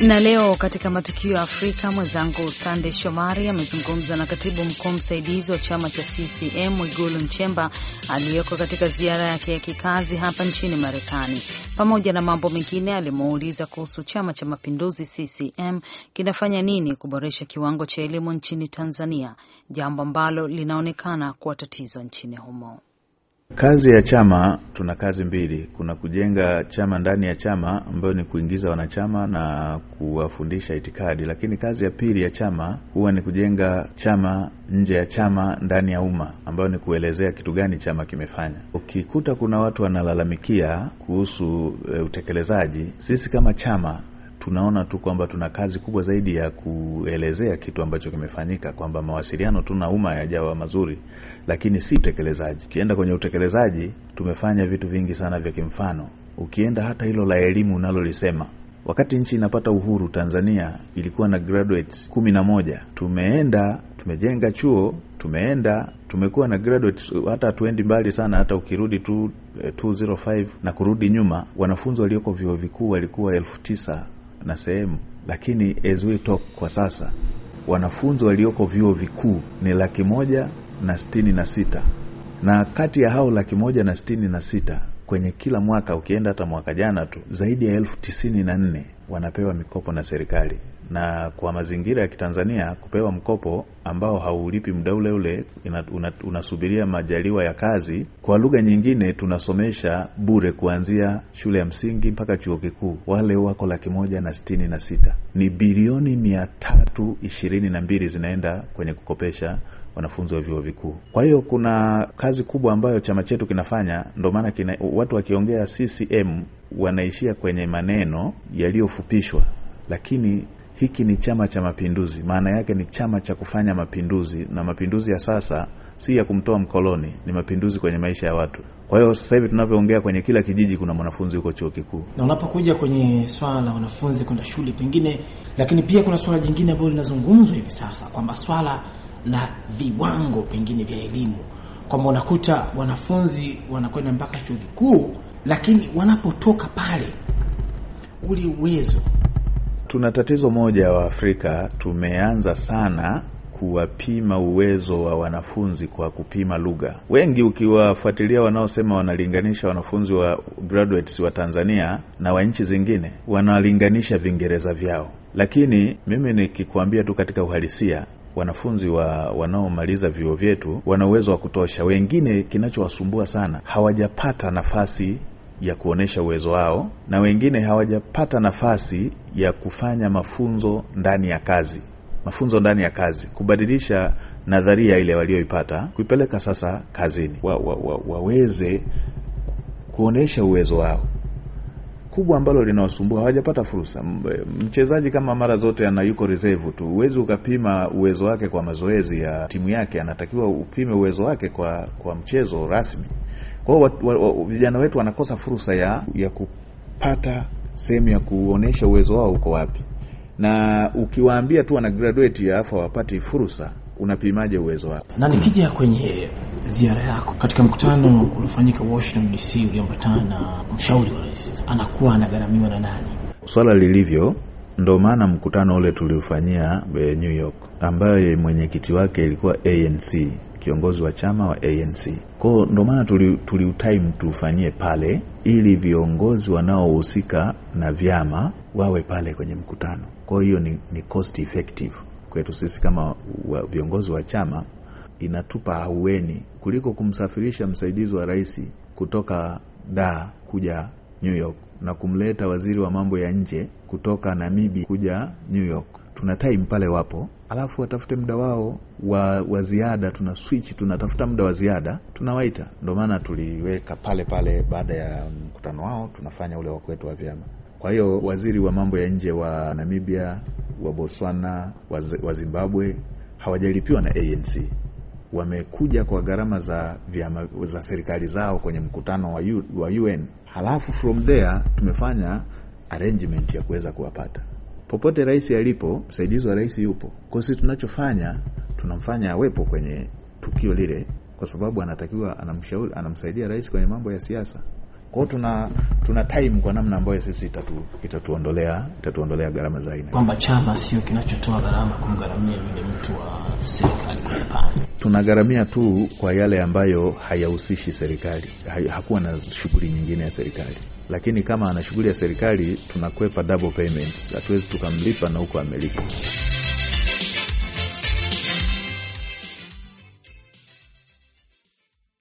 Na leo katika matukio ya Afrika, mwenzangu Sande Shomari amezungumza na katibu mkuu msaidizi wa chama cha CCM Mwigulu Nchemba aliyeko katika ziara yake ya kikazi hapa nchini Marekani. Pamoja na mambo mengine, alimuuliza kuhusu Chama cha Mapinduzi CCM kinafanya nini kuboresha kiwango cha elimu nchini Tanzania, jambo ambalo linaonekana kuwa tatizo nchini humo. Kazi ya chama, tuna kazi mbili. Kuna kujenga chama ndani ya chama ambayo ni kuingiza wanachama na kuwafundisha itikadi, lakini kazi ya pili ya chama huwa ni kujenga chama nje ya chama, ndani ya umma, ambayo ni kuelezea kitu gani chama kimefanya. Ukikuta kuna watu wanalalamikia kuhusu e, utekelezaji, sisi kama chama tunaona tu kwamba tuna kazi kubwa zaidi ya kuelezea kitu ambacho kimefanyika, kwamba mawasiliano tuna umma yajawa mazuri, lakini si utekelezaji. Ukienda kwenye utekelezaji, tumefanya vitu vingi sana vya kimfano. Ukienda hata hilo la elimu unalolisema wakati nchi inapata uhuru Tanzania ilikuwa na graduates kumi na moja. Tumeenda tumejenga chuo, tumeenda tumekuwa na graduates, hata hatuendi mbali sana. Hata ukirudi tu 205 eh, na kurudi nyuma, wanafunzi walioko vyuo vikuu walikuwa elfu tisa na sehemu, lakini as we talk kwa sasa wanafunzi walioko vyuo vikuu ni laki moja na sitini na sita na kati ya hao laki moja na sitini na sita kwenye kila mwaka ukienda hata mwaka jana tu zaidi ya elfu tisini na nne wanapewa mikopo na serikali na kwa mazingira ya Kitanzania kupewa mkopo ambao haulipi muda ule ule, unasubiria una, una majaliwa ya kazi. Kwa lugha nyingine, tunasomesha bure kuanzia shule ya msingi mpaka chuo kikuu. Wale wako laki moja na stini na sita, ni bilioni mia tatu ishirini na mbili zinaenda kwenye kukopesha wanafunzi wa vyuo vikuu. Kwa hiyo kuna kazi kubwa ambayo chama chetu kinafanya, ndo maana kina, watu wakiongea CCM wanaishia kwenye maneno yaliyofupishwa lakini hiki ni chama cha mapinduzi maana yake ni chama cha kufanya mapinduzi na mapinduzi ya sasa si ya kumtoa mkoloni ni mapinduzi kwenye maisha ya watu kwa hiyo sasa hivi tunavyoongea kwenye kila kijiji kuna mwanafunzi huko chuo kikuu na unapokuja kwenye swala la wanafunzi kwenda shule pengine lakini pia kuna swala jingine ambalo linazungumzwa hivi sasa kwamba swala la viwango pengine vya elimu kwamba unakuta wanafunzi wanakwenda mpaka chuo kikuu lakini wanapotoka pale ule uwezo Tuna tatizo moja wa Afrika, tumeanza sana kuwapima uwezo wa wanafunzi kwa kupima lugha. Wengi ukiwafuatilia, wanaosema wanalinganisha wanafunzi wa graduates wa Tanzania na wa nchi zingine, wanalinganisha Vingereza vyao, lakini mimi nikikuambia tu katika uhalisia wanafunzi wa wanaomaliza vyuo vyetu wana uwezo wa kutosha. Wengine kinachowasumbua sana hawajapata nafasi ya kuonesha uwezo wao, na wengine hawajapata nafasi ya kufanya mafunzo ndani ya kazi, mafunzo ndani ya kazi, kubadilisha nadharia ile walioipata kuipeleka sasa kazini, wa, wa, wa, waweze kuonesha uwezo wao kubwa ambalo linawasumbua hawajapata fursa. Mchezaji kama mara zote ana yuko reserve tu, huwezi ukapima uwezo wake kwa mazoezi ya timu yake, anatakiwa upime uwezo wake kwa kwa mchezo rasmi kwao vijana wetu wanakosa fursa ya ya kupata sehemu ya kuonesha uwezo wao uko wapi, na ukiwaambia tu wana graduate alafu hawapati fursa, unapimaje uwezo wao? Na nikija kwenye ziara yako katika mkutano uliofanyika Washington DC, uliambatana na mshauri wa rais, anakuwa anagharamiwa na nani swala lilivyo? Ndo maana mkutano ule tuliufanyia eh, New York, ambaye mwenyekiti wake ilikuwa ANC kiongozi wa chama wa ANC. hiyo ndo maana tuliutime tuli tufanyie pale, ili viongozi wanaohusika na vyama wawe pale kwenye mkutano. Kwa hiyo ni, ni cost effective kwetu sisi kama wa, viongozi wa chama, inatupa ahueni kuliko kumsafirisha msaidizi wa rais kutoka Dar kuja New York na kumleta waziri wa mambo ya nje kutoka Namibia kuja New York tuna time pale wapo, alafu watafute muda wao wa, wa ziada. Tuna switch, tunatafuta muda wa ziada tunawaita. Ndio maana tuliweka pale pale, baada ya mkutano wao tunafanya ule wakwetu wa vyama. Kwa hiyo waziri wa mambo ya nje wa Namibia, wa Botswana, wa, wa Zimbabwe hawajalipiwa na ANC wamekuja kwa gharama za vyama za serikali zao kwenye mkutano wa, U, wa UN. Halafu from there tumefanya arrangement ya kuweza kuwapata popote rais alipo, msaidizi wa rais yupo. Kwa sisi tunachofanya tunamfanya awepo kwenye tukio lile kwa sababu anatakiwa anamshauri anamsaidia rais kwenye mambo ya siasa. Kwa hiyo tuna tuna time kwa namna ambayo sisi itatu, itatuondolea itatuondolea gharama za aina. Kwamba chama sio kinachotoa gharama kumgharamia yule mtu wa serikali. Tunagharamia tu kwa yale ambayo hayahusishi serikali. Hakuwa na shughuli nyingine ya serikali lakini kama ana shughuli ya serikali tunakwepa double hatuwezi tukamlipa na huko amelipa.